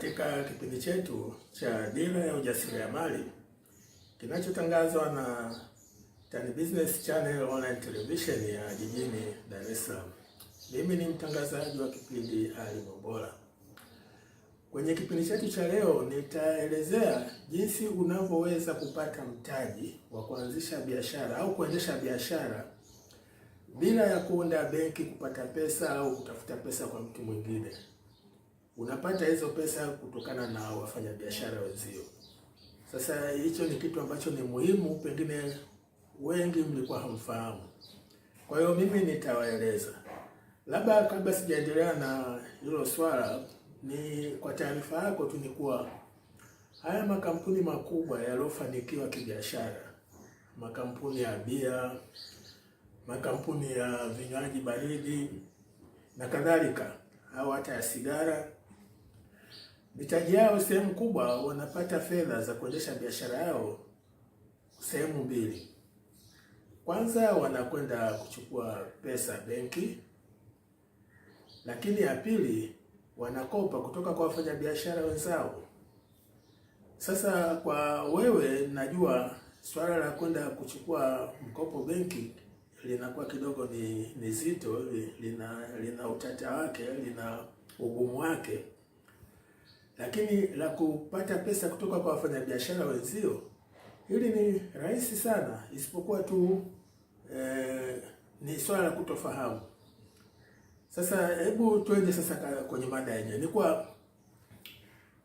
katika kipindi chetu cha Dira ya Ujasiriamali kinachotangazwa na Tan Business Channel Online Television ya jijini Dar es Salaam. Mimi ni mtangazaji wa kipindi Ali Mwambola. Kwenye kipindi chetu cha leo nitaelezea jinsi unavyoweza kupata mtaji wa kuanzisha biashara au kuendesha biashara bila ya kuunda benki kupata pesa au kutafuta pesa kwa mtu mwingine unapata hizo pesa kutokana na wafanyabiashara wenzio. Sasa hicho ni kitu ambacho ni muhimu, pengine wengi mlikuwa hamfahamu. Kwa hiyo mimi nitawaeleza. Labda kabla sijaendelea na hilo swala, ni kwa taarifa yako tu ni kuwa haya makampuni makubwa yaliyofanikiwa kibiashara, makampuni ya bia, makampuni ya vinywaji baridi na kadhalika, au hata ya sigara mitaji yao sehemu kubwa wanapata fedha za kuendesha biashara yao sehemu mbili. Kwanza wanakwenda kuchukua pesa benki, lakini ya pili wanakopa kutoka kwa wafanyabiashara wenzao. Sasa kwa wewe, najua swala la kwenda kuchukua mkopo benki linakuwa kidogo ni, ni zito, lina, lina utata wake, lina ugumu wake lakini la kupata pesa kutoka kwa wafanyabiashara wenzio hili ni rahisi sana, isipokuwa tu eh, ni swala la kutofahamu. Sasa hebu tuende sasa kwenye mada yenyewe. Ni kwa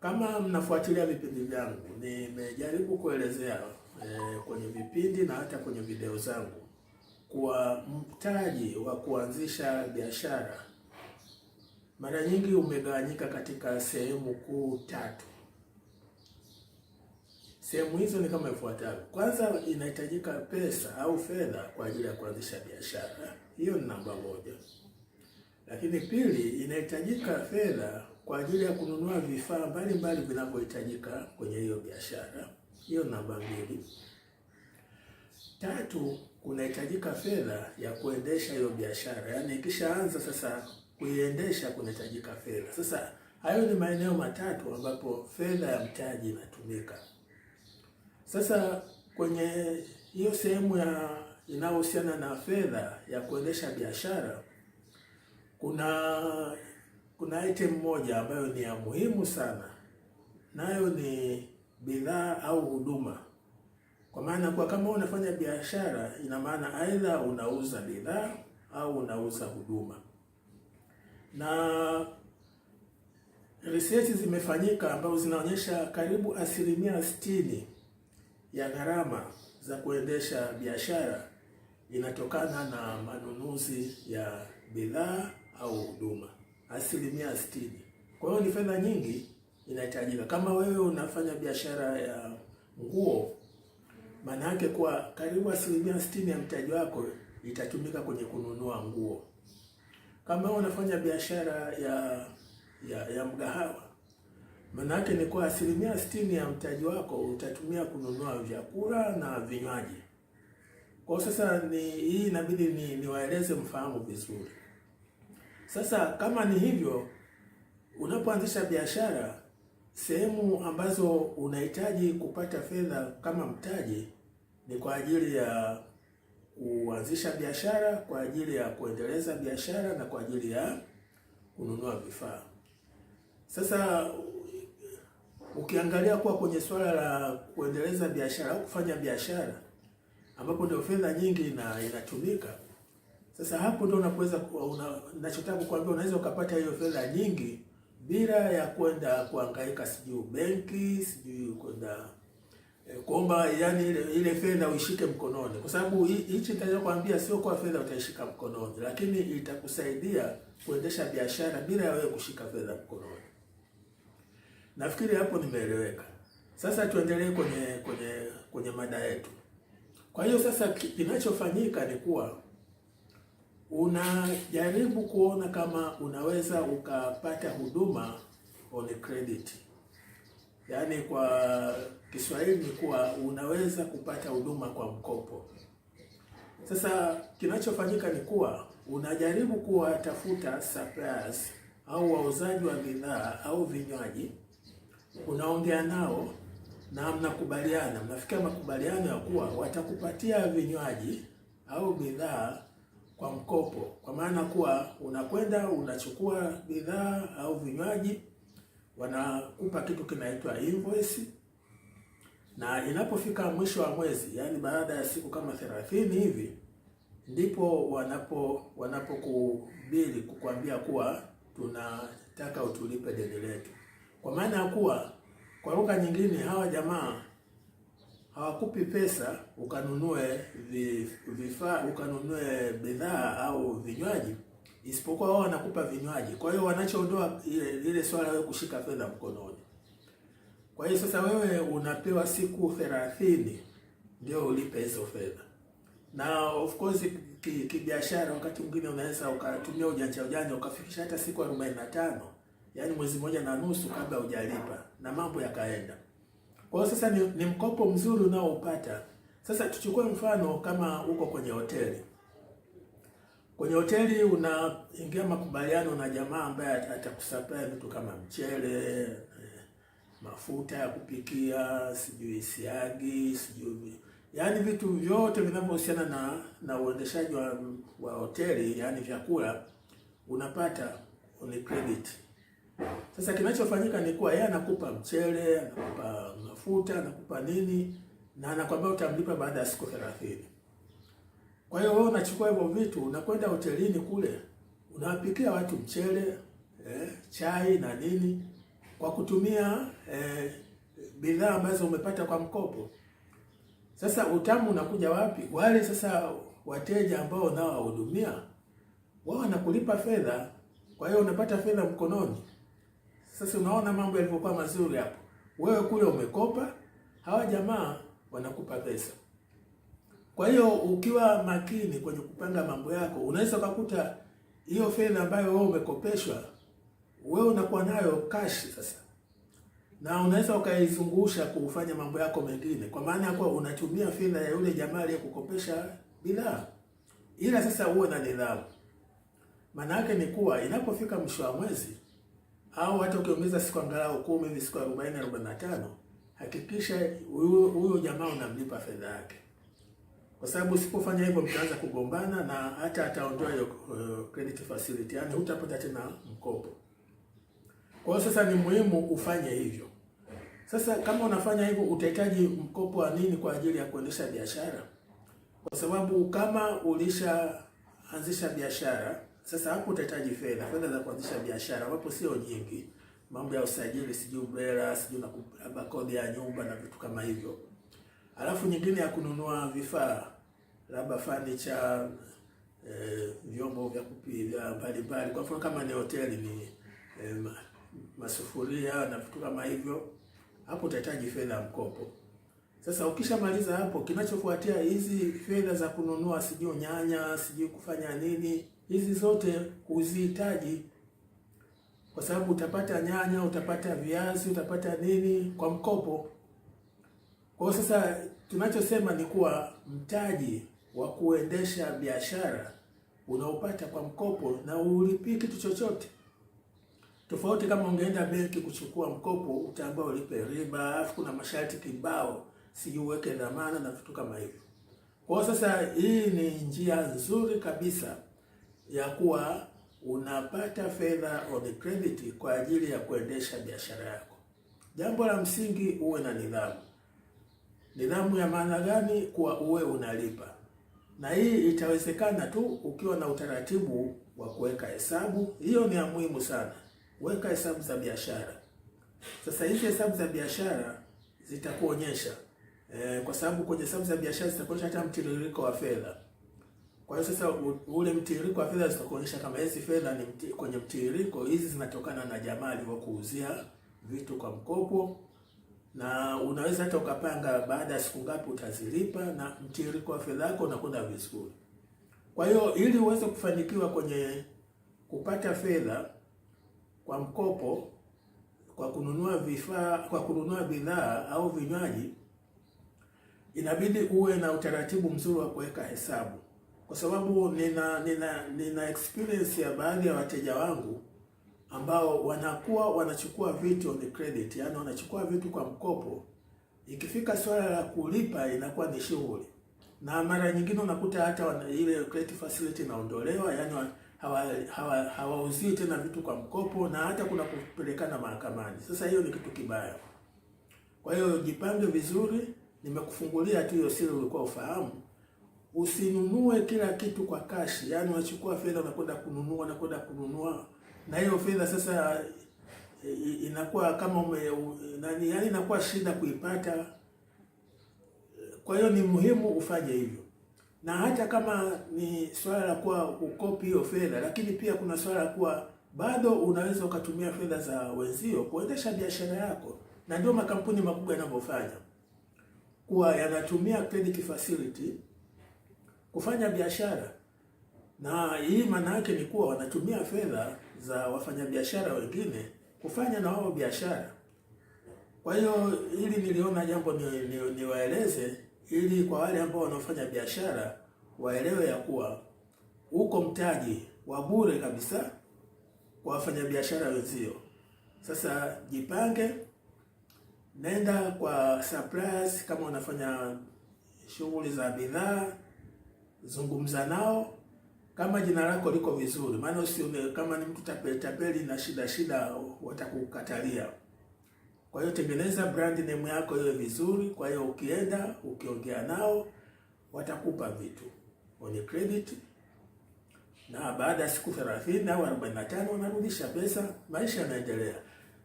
kama mnafuatilia vipindi vyangu, nimejaribu kuelezea eh, kwenye vipindi na hata kwenye video zangu kuwa mtaji wa kuanzisha biashara mara nyingi umegawanyika katika sehemu kuu tatu. Sehemu hizo ni kama ifuatavyo. Kwanza, inahitajika pesa au fedha kwa ajili ya kuanzisha biashara, hiyo ni namba moja. Lakini pili, inahitajika fedha kwa ajili ya kununua vifaa mbalimbali vinavyohitajika kwenye hiyo biashara, hiyo ni namba mbili. Tatu, kunahitajika fedha ya kuendesha hiyo biashara, yaani ikishaanza sasa kuiendesha kunahitajika fedha. Sasa hayo ni maeneo matatu ambapo fedha ya mtaji inatumika. Sasa kwenye hiyo sehemu ya inayohusiana na fedha ya kuendesha biashara, kuna kuna item moja ambayo ni ya muhimu sana, nayo ni bidhaa au huduma. Kwa maana kwa kama unafanya biashara, ina maana aidha unauza bidhaa au unauza huduma na research zimefanyika ambazo zinaonyesha karibu asilimia sitini ya gharama za kuendesha biashara inatokana na manunuzi ya bidhaa au huduma, asilimia sitini. Kwa hiyo ni fedha nyingi inahitajika. Kama wewe unafanya biashara ya nguo, maana yake kwa karibu asilimia sitini ya mtaji wako itatumika kwenye kununua nguo. Kama unafanya biashara ya ya, ya mgahawa, yake ni kwa asilimia sitini ya mtaji wako utatumia kununua vyakula na vinywaji. Kwa sasa ni hii inabidi ni niwaeleze mfahamu vizuri. Sasa kama ni hivyo, unapoanzisha biashara, sehemu ambazo unahitaji kupata fedha kama mtaji ni kwa ajili ya kuanzisha biashara, kwa ajili ya kuendeleza biashara na kwa ajili ya kununua vifaa. Sasa ukiangalia kuwa kwenye suala la kuendeleza biashara au kufanya biashara ambapo ndio fedha nyingi na inatumika sasa hapo ndio unaweza una, nachotaka kuambia unaweza ukapata hiyo fedha nyingi bila ya kwenda kuangaika sijui benki sijui kwenda Eh, kuomba yani ile, ile fedha uishike mkononi, kwa sababu hichi nitachokwambia sio kwa fedha utaishika mkononi, lakini itakusaidia kuendesha biashara bila wewe kushika fedha mkononi. Nafikiri hapo nimeeleweka. Sasa tuendelee kwenye kwenye kwenye mada yetu. Kwa hiyo sasa kinachofanyika ni kuwa unajaribu kuona kama unaweza ukapata huduma on credit yaani kwa Kiswahili ni kuwa unaweza kupata huduma kwa mkopo. Sasa kinachofanyika ni kuwa unajaribu kuwatafuta suppliers au wauzaji wa bidhaa au vinywaji, unaongea nao na mnakubaliana, mnafikia makubaliano ya kuwa watakupatia vinywaji au bidhaa kwa mkopo, kwa maana kuwa unakwenda unachukua bidhaa au vinywaji wanakupa kitu kinaitwa invoice, na inapofika mwisho wa mwezi, yaani baada ya siku kama thelathini hivi, ndipo wanapo wanapokubili kukwambia kuwa tunataka utulipe deni letu, kwa maana ya kuwa kwa lugha nyingine, hawa jamaa hawakupi pesa ukanunue vifaa ukanunue bidhaa au vinywaji isipokuwa wao wanakupa vinywaji. Kwa hiyo wanachoondoa ile ile swala wewe kushika fedha mkononi. Kwa hiyo sasa wewe unapewa siku 30 ndio ulipe hizo fedha, na of course kibiashara ki, wakati mwingine unaweza ukatumia ujanja ujanja ukafikisha hata siku 45, yaani mwezi mmoja na nusu kabla hujalipa na mambo yakaenda. Kwa hiyo sasa ni, ni mkopo mzuri unaoupata. Sasa tuchukue mfano kama uko kwenye hoteli Kwenye hoteli unaingia makubaliano na jamaa ambaye atakusupply vitu kama mchele, eh, mafuta ya kupikia, sijui siagi, sijui yaani vitu vyote vinavyohusiana na na uendeshaji wa, wa hoteli yaani vyakula unapata on credit. Sasa kinachofanyika ni kuwa yeye anakupa mchele, anakupa mafuta, anakupa nini na anakwambia utamlipa baada ya siku 30. Kwa hiyo wewe unachukua hivyo vitu unakwenda hotelini kule unawapikia watu mchele eh, chai na nini kwa kutumia eh, bidhaa ambazo umepata kwa mkopo. Sasa utamu unakuja wapi? Wale sasa wateja ambao unaowahudumia wao wanakulipa fedha, kwa hiyo unapata fedha mkononi. Sasa unaona mambo yalivyokuwa mazuri hapo. Wewe kule umekopa, hawa jamaa wanakupa pesa. Kwa hiyo ukiwa makini kwenye kupanga mambo yako, unaweza ukakuta hiyo fedha ambayo wewe umekopeshwa, wewe unakuwa nayo cash sasa, na unaweza ukaizungusha kufanya mambo yako mengine, kwa maana kwa unatumia fedha ya yule jamaa aliyekukopesha bidhaa, ila sasa uwe na nidhamu. Maana yake ni kuwa inapofika mwisho wa mwezi au hata ukiongeza siku angalau kumi hivi siku arobaini arobaini na tano hakikisha huyo jamaa unamlipa fedha yake kwa sababu usipofanya hivyo mtaanza kugombana na hata ataondoa hiyo uh, credit facility, yani hutapata tena mkopo. Kwa hiyo sasa ni muhimu ufanye hivyo. Sasa kama unafanya hivyo, utahitaji mkopo wa nini kwa ajili ya kuendesha biashara? Kwa sababu kama ulishaanzisha biashara, sasa hapo utahitaji fedha, fedha za kuanzisha biashara, ambapo sio nyingi, mambo ya usajili, sijui BRELA, sijui na kodi ya nyumba na vitu kama hivyo, alafu nyingine ya kununua vifaa labda fanicha e, eh, vyombo vya kupikia mbalimbali. Kwa mfano kama ni hoteli ni e, masufuria na vitu kama hivyo, hapo utahitaji fedha ya mkopo. Sasa ukishamaliza hapo, kinachofuatia hizi fedha za kununua sijui nyanya sijui kufanya nini, hizi zote huzihitaji kwa sababu utapata nyanya, utapata viazi, utapata nini kwa mkopo. Kwa hiyo sasa tunachosema ni kuwa mtaji wa kuendesha biashara unaopata kwa mkopo na ulipi kitu chochote. Tofauti kama ungeenda benki kuchukua mkopo, utaambiwa ulipe riba, alafu kuna masharti kibao, sijui uweke dhamana na vitu kama hivyo. Kwa sasa hii ni njia nzuri kabisa ya kuwa unapata fedha on credit kwa ajili ya kuendesha biashara yako. Jambo la msingi uwe na nidhamu. Nidhamu ya maana gani? Kuwa uwe unalipa na hii itawezekana tu ukiwa na utaratibu wa kuweka hesabu. Hiyo ni ya muhimu sana, weka hesabu za biashara. Sasa hizi hesabu za biashara zitakuonyesha e, kwa sababu kwenye hesabu za biashara zitakuonyesha hata mtiririko wa fedha. Kwa hiyo sasa ule mtiririko wa fedha zitakuonyesha kama hizi fedha ni mti, kwenye mtiririko hizi zinatokana na jamaa alivyokuuzia vitu kwa mkopo na unaweza hata ukapanga baada ya siku ngapi utazilipa, na mtiririko wa fedha yako unakwenda vizuri. Kwa hiyo ili uweze kufanikiwa kwenye kupata fedha kwa mkopo, kwa kununua vifaa, kwa kununua bidhaa au vinywaji, inabidi uwe na utaratibu mzuri wa kuweka hesabu, kwa sababu nina nina nina experience ya baadhi ya wateja wangu ambao wanakuwa wanachukua vitu on the credit, yani wanachukua vitu kwa mkopo. Ikifika swala la kulipa inakuwa ni shughuli, na mara nyingine unakuta hata wana, ile credit facility inaondolewa, yani hawauzii hawa, hawa tena vitu kwa mkopo, na hata kuna kupelekana mahakamani. Sasa hiyo ni kitu kibaya. Kwa hiyo jipange vizuri, nimekufungulia tu hiyo siri ulikuwa ufahamu. Usinunue kila kitu kwa kashi, yani unachukua fedha unakwenda kununua unakwenda kununua na hiyo fedha sasa eh, eh, inakuwa kama ume, nani, yani inakuwa shida kuipata. Kwa hiyo ni muhimu ufanye hivyo, na hata kama ni swala la kuwa ukopi hiyo fedha, lakini pia kuna swala la kuwa bado unaweza ukatumia fedha za wenzio kuendesha biashara yako, na ndio makampuni makubwa yanavyofanya kuwa yanatumia credit facility kufanya biashara, na hii maana yake ni kuwa wanatumia fedha za wafanyabiashara wengine kufanya na wao biashara. Kwa hiyo ili niliona jambo niwaeleze ni, ni ili kwa wale ambao wanaofanya biashara waelewe ya kuwa uko mtaji wa bure kabisa kwa wafanyabiashara wenzio. Sasa jipange, nenda kwa suppliers kama unafanya shughuli za bidhaa, zungumza nao kama jina lako liko vizuri, maana usione kama ni mtu tapeli tapeli na shida shida, watakukatalia. Kwa hiyo tengeneza brand name yako iwe vizuri. Kwa hiyo ukienda ukiongea nao watakupa vitu kwenye credit, na baada ya siku 30 au 45 wanarudisha pesa, maisha yanaendelea.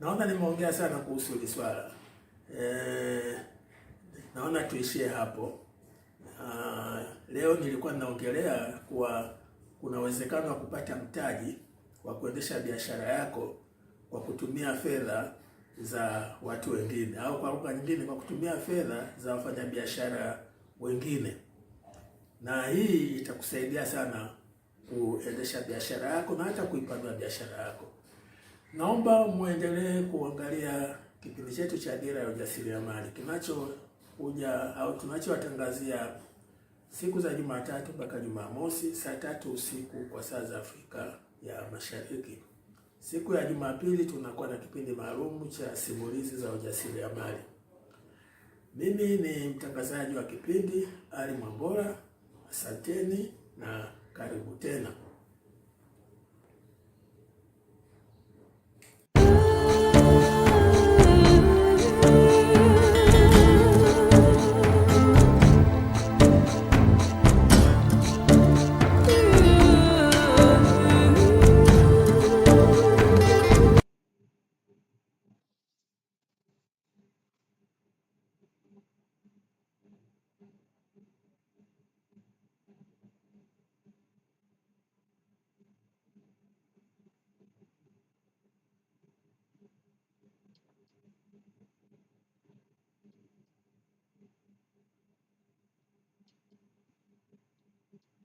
Naona nimeongea sana kuhusu hili swala e, naona tuishie hapo. Aa, ah, leo nilikuwa ninaongelea kuwa kuna uwezekano wa kupata mtaji wa kuendesha biashara yako kwa kutumia fedha za watu wengine, au kwa lugha nyingine, kwa kutumia fedha za wafanyabiashara wengine, na hii itakusaidia sana kuendesha biashara yako na hata kuipanua biashara yako. Naomba muendelee kuangalia kipindi chetu cha Dira ya Ujasiriamali kinachokuja au tunachowatangazia siku za Jumatatu mpaka Jumamosi saa tatu usiku kwa saa za Afrika ya Mashariki. Siku ya Jumapili tunakuwa na kipindi maalum cha simulizi za ujasiriamali. Mimi ni mtangazaji wa kipindi Ali Mwambola. Asanteni na karibu tena.